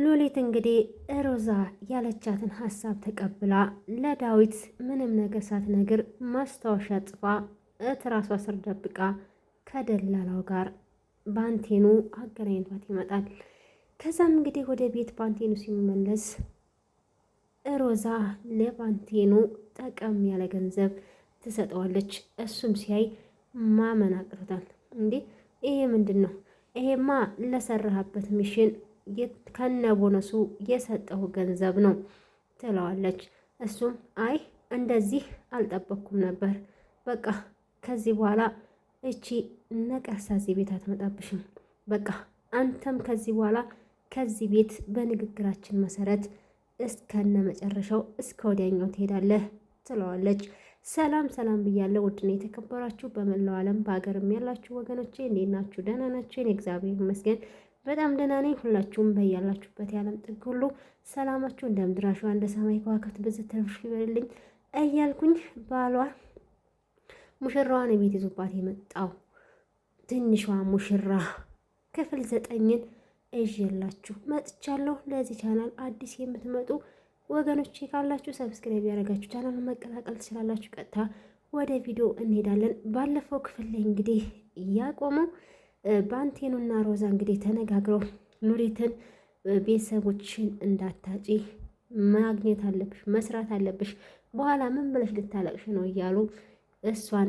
ሉሊት እንግዲህ ሮዛ ያለቻትን ሀሳብ ተቀብላ ለዳዊት ምንም ነገር ሳትነግር ማስታወሻ ጽፋ እትራሷ ስር ደብቃ ከደላላው ጋር ባንቴኑ አገናኝቷት ይመጣል። ከዛም እንግዲህ ወደ ቤት ባንቴኑ ሲመለስ ሮዛ ለባንቴኑ ጠቀም ያለ ገንዘብ ትሰጠዋለች። እሱም ሲያይ ማመን አቅቶታል። እንዴ ይሄ ምንድን ነው? ይሄማ ለሰራህበት ሚሽን ከነ ቦነሱ የሰጠው ገንዘብ ነው ትለዋለች። እሱም አይ እንደዚህ አልጠበቅኩም ነበር፣ በቃ ከዚህ በኋላ እቺ ነቀርሳ እዚህ ቤት አትመጣብሽም፣ በቃ አንተም ከዚህ በኋላ ከዚህ ቤት በንግግራችን መሰረት እስከነ መጨረሻው እስከ ወዲያኛው ትሄዳለህ ትለዋለች። ሰላም ሰላም ብያለሁ። ውድና የተከበራችሁ በመላው ዓለም በሀገርም ያላችሁ ወገኖቼ እንዴት ናችሁ? ደህና ናችሁ? እግዚአብሔር ይመስገን። በጣም ደህና ነኝ። ሁላችሁም በያላችሁበት የዓለም ጥግ ሁሉ ሰላማችሁ እንደ ምድር አሸዋ እንደ ሰማይ ከዋክብት ብዝ ተርፍሽ ይበልልኝ እያልኩኝ ባሏ ሙሽራዋን የቤት ይዞባት የመጣው ትንሿ ሙሽራ ክፍል ዘጠኝን እዤላችሁ መጥቻለሁ። ለዚህ ቻናል አዲስ የምትመጡ ወገኖች ካላችሁ ሰብስክራይብ ያደረጋችሁ ቻናሉን መቀላቀል ትችላላችሁ። ቀጥታ ወደ ቪዲዮ እንሄዳለን። ባለፈው ክፍል ላይ እንግዲህ እያቆመው ባንቴኑና ሮዛ እንግዲህ ተነጋግረው ኑሪትን ቤተሰቦችን እንዳታጪ ማግኘት አለብሽ፣ መስራት አለብሽ፣ በኋላ ምን ብለሽ ልታለቅሽ ነው እያሉ እሷን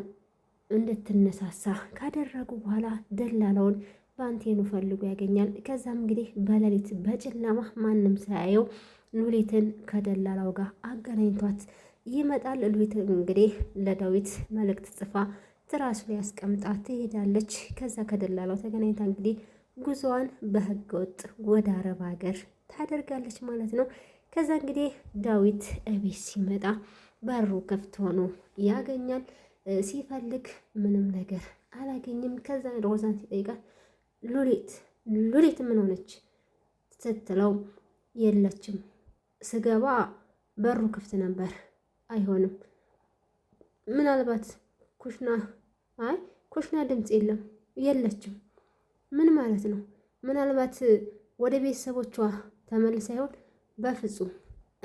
እንድትነሳሳ ካደረጉ በኋላ ደላላውን ባንቴኑ ፈልጎ ያገኛል። ከዛም እንግዲህ በሌሊት በጨለማ ማንም ሳያየው ኑሪትን ከደላላው ጋር አገናኝቷት ይመጣል። ሉሊት እንግዲህ ለዳዊት መልእክት ጽፋ ትራሱ ላይ አስቀምጣ ትሄዳለች። ከዛ ከደላላው ተገናኝታ እንግዲህ ጉዞዋን በህገወጥ ወጥ ወደ አረብ ሀገር ታደርጋለች ማለት ነው። ከዛ እንግዲህ ዳዊት እቤት ሲመጣ በሩ ክፍት ሆኖ ያገኛል። ሲፈልግ ምንም ነገር አላገኝም። ከዛ ሮዛን ሲጠይቃት ሉሊት ሉሊት ምን ሆነች ስትለው የለችም፣ ስገባ በሩ ክፍት ነበር። አይሆንም ምናልባት ኩሽና አይ ኩሽና ድምፅ የለም የለችም። ምን ማለት ነው? ምናልባት ወደ ቤተሰቦቿ ተመልሳ ይሆን? በፍጹም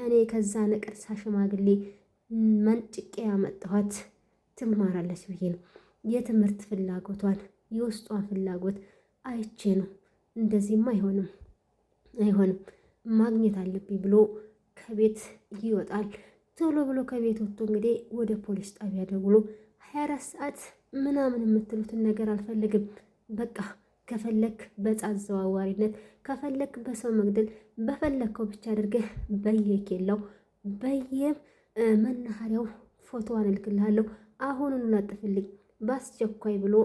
እኔ ከዛ ነቀርሳ ሽማግሌ መንጭቄ ያመጣኋት ትማራለች ብዬ ነው። የትምህርት ፍላጎቷን የውስጧን ፍላጎት አይቼ ነው። እንደዚህም አይሆንም አይሆንም ማግኘት አለብኝ ብሎ ከቤት ይወጣል። ቶሎ ብሎ ከቤት ወጥቶ እንግዲህ ወደ ፖሊስ ጣቢያ ደውሎ 24 ሰዓት ምናምን የምትሉትን ነገር አልፈልግም። በቃ ከፈለክ በዕፅ አዘዋዋሪነት፣ ከፈለክ በሰው መግደል፣ በፈለግከው ብቻ አድርገህ በየኬላው በየም መናኸሪያው ፎቶዋን እልክልሃለሁ፣ አሁኑን ላጥፍልኝ በአስቸኳይ ብሎ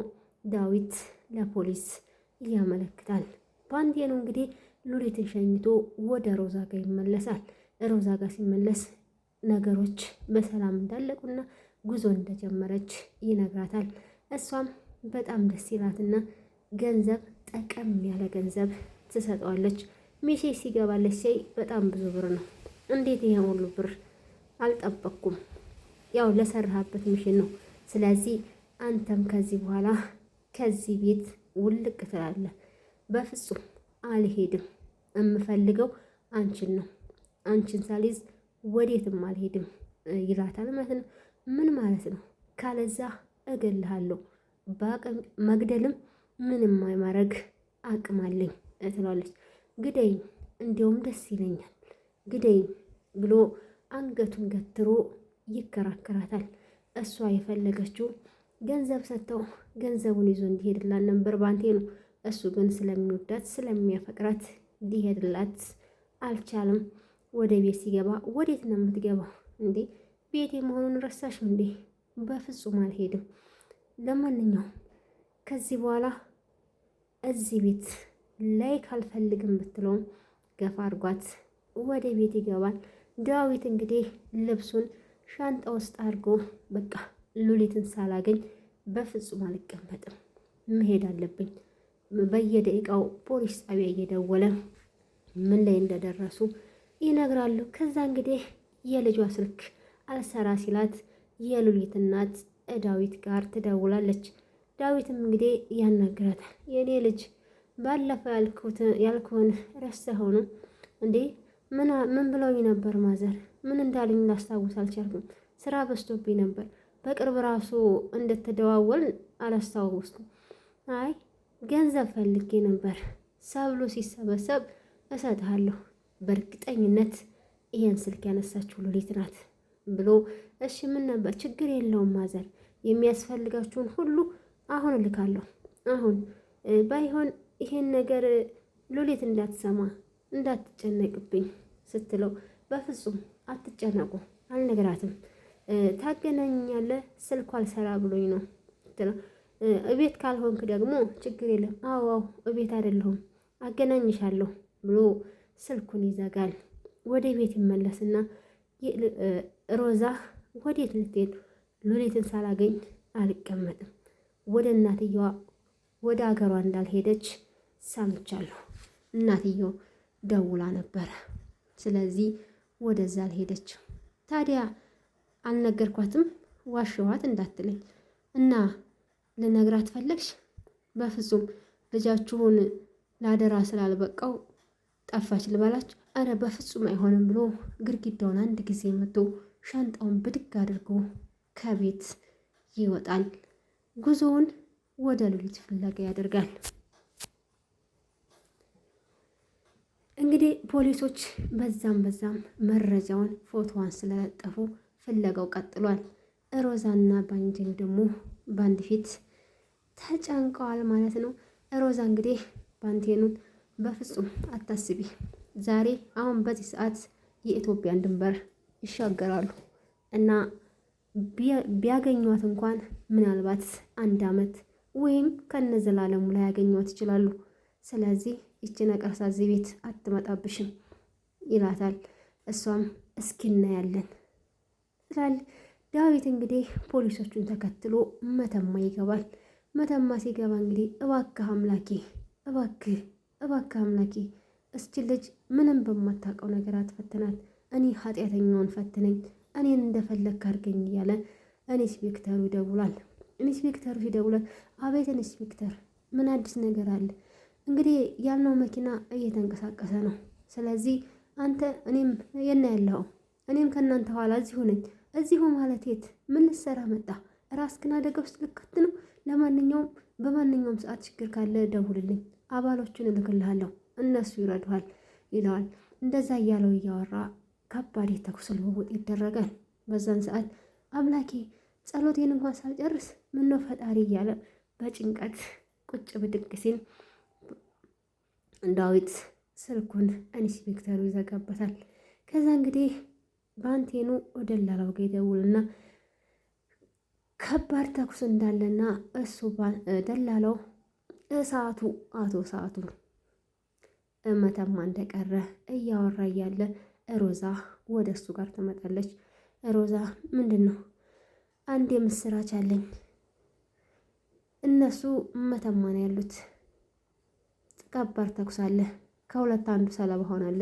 ዳዊት ለፖሊስ ያመለክታል። በአንዴ ነው እንግዲህ ሉሊትን ሸኝቶ ወደ ሮዛ ጋር ይመለሳል። ሮዛ ጋር ሲመለስ ነገሮች በሰላም እንዳለቁና ጉዞ እንደጀመረች ይነግራታል። እሷም በጣም ደስ ይላትና ገንዘብ ጠቀም ያለ ገንዘብ ትሰጠዋለች። ሚሴ ሲገባለች ሲይ በጣም ብዙ ብር ነው። እንዴት ይሄ ሁሉ ብር አልጠበቅኩም። ያው ለሰራህበት ሚሽን ነው። ስለዚህ አንተም ከዚህ በኋላ ከዚህ ቤት ውልቅ ትላለህ። በፍጹም አልሄድም። የምፈልገው አንቺን ነው። አንቺን ሳልይዝ ወዴትም አልሄድም ይላታል ማለት ነው። ምን ማለት ነው? ካለዛ እገልሃለሁ። በአቅም መግደልም ምንም ማድረግ አቅም አለኝ ትላለች። ግደኝ፣ እንዲያውም ደስ ይለኛል፣ ግደኝ ብሎ አንገቱን ገትሮ ይከራከራታል። እሷ የፈለገችው ገንዘብ ሰጥተው ገንዘቡን ይዞ እንዲሄድላት ነበር ባንቴ ነው። እሱ ግን ስለሚወዳት ስለሚያፈቅራት ሊሄድላት አልቻለም። ወደ ቤት ሲገባ ወዴት ነው የምትገባው እንዴ? ቤቴ መሆኑን ረሳሽ እንዴ? በፍጹም አልሄድም። ለማንኛውም ከዚህ በኋላ እዚህ ቤት ላይ ካልፈልግም ብትለውም ገፋ አድርጓት ወደ ቤት ይገባል። ዳዊት እንግዲህ ልብሱን ሻንጣ ውስጥ አድርጎ በቃ ሉሊትን ሳላገኝ በፍጹም አልቀመጥም፣ መሄድ አለብኝ። በየደቂቃው ፖሊስ ጣቢያ እየደወለ ምን ላይ እንደደረሱ ይነግራሉ። ከዛ እንግዲህ የልጇ ስልክ አልሰራ ሲላት የሉሊት እናት ዳዊት ጋር ትደውላለች። ዳዊትም እንግዲህ ያናግራታል። የኔ ልጅ ባለፈው ያልኩህን ረስተኸው እንዴ? ምን ብለውኝ ነበር ማዘር? ምን እንዳለኝ ላስታውስ አልቻልኩም። ስራ በዝቶብኝ ነበር። በቅርብ ራሱ እንደተደዋወል አላስታውስኩም። አይ ገንዘብ ፈልጌ ነበር። ሰብሉ ሲሰበሰብ እሰጥሃለሁ። በእርግጠኝነት ይህን ስልክ ያነሳችው ሉሊት ናት። ብሎ እሺ ምን ነበር ችግር የለውም ማዘር፣ የሚያስፈልጋችሁን ሁሉ አሁን እልካለሁ። አሁን ባይሆን ይሄን ነገር ሉሊት እንዳትሰማ እንዳትጨነቅብኝ ስትለው፣ በፍጹም አትጨነቁ አልነግራትም። ታገናኛለ ስልኩ አልሰራ ብሎኝ ነው ስትለው፣ እቤት ካልሆንክ ደግሞ ችግር የለም። አዎ አዎ እቤት አይደለሁም አገናኝሻለሁ ብሎ ስልኩን ይዘጋል። ወደ ቤት ይመለስና ሮዛ ወዴት ልትሄድ? ሉሊትን ሳላገኝ አልቀመጥም። ወደ እናትየዋ ወደ አገሯ እንዳልሄደች ሰምቻለሁ። እናትየው ደውላ ነበረ። ስለዚህ ወደዛ አልሄደችም። ታዲያ አልነገርኳትም ዋሸዋት እንዳትለኝ እና ልነግራት ፈለግሽ? በፍጹም ልጃችሁን ላደራ ስላልበቃው ጠፋች ልበላችሁ? አረ በፍጹም አይሆንም ብሎ ግድግዳውን አንድ ጊዜ መቶ ሻንጣውን ብድግ አድርጎ ከቤት ይወጣል። ጉዞውን ወደ ሉሊት ፍለጋ ያደርጋል። እንግዲህ ፖሊሶች በዛም በዛም መረጃውን ፎቶዋን ስለለጠፉ ፍለጋው ቀጥሏል። ሮዛና ባንጀሉ ደግሞ በአንድ ፊት ተጨንቀዋል ማለት ነው። ሮዛ እንግዲህ ባንቴኑን በፍጹም አታስቢ፣ ዛሬ አሁን በዚህ ሰዓት የኢትዮጵያን ድንበር ይሻገራሉ እና ቢያገኟት እንኳን ምናልባት አንድ አመት ወይም ከነ ዘላለሙ ላይ ያገኟት ይችላሉ። ስለዚህ ይቺ ነቀርሳ እዚህ ቤት አትመጣብሽም ይላታል። እሷም እስኪ እናያለን ይላል። ዳዊት እንግዲህ ፖሊሶቹን ተከትሎ መተማ ይገባል። መተማ ሲገባ እንግዲህ እባክህ አምላኬ፣ እባክህ እባክህ አምላኬ እስች ልጅ ምንም በማታውቀው ነገር አትፈትናት እኔ ኃጢአተኛውን ፈትነኝ፣ እኔን እንደፈለግ አድርገኝ እያለ ኢንስፔክተሩ ይደውላል። ኢንስፔክተሩ ሲደውላል፣ አቤት ኢንስፔክተር፣ ምን አዲስ ነገር አለ? እንግዲህ ያልነው መኪና እየተንቀሳቀሰ ነው። ስለዚህ አንተ እኔም የና ያለው እኔም ከእናንተ ኋላ እዚሁ ነኝ። እዚሁ ማለት የት ምን ልትሰራ መጣ? ራስህን አደጋ ውስጥ ልከት ነው። ለማንኛውም በማንኛውም ሰዓት ችግር ካለ ደውልልኝ፣ አባሎቹን እልክልሃለሁ፣ እነሱ ይረዱሃል ይለዋል። እንደዛ እያለው እያወራ ከባድ የተኩስ ልውውጥ ይደረጋል። በዛን ሰዓት አምላኬ ጸሎቴን እንኳን ሳልጨርስ ምነው ፈጣሪ እያለ በጭንቀት ቁጭ ብድግ ሲል ዳዊት ስልኩን ኢንስፔክተሩ ይዘጋበታል። ከዛ እንግዲህ በአንቴኑ ወደላላው ጋ ይደውልና ከባድ ተኩስ እንዳለና እሱ ደላላው እሳቱ አቶ እሳቱ መተማ እንደቀረ እያወራ እያለ ሮዛ ወደ እሱ ጋር ትመጣለች። ሮዛ ምንድን ነው? አንድ የምስራች አለኝ። እነሱ መተማን ያሉት። ከባድ ተኩስ አለ። ከሁለት አንዱ ሰለባ ሆናለች።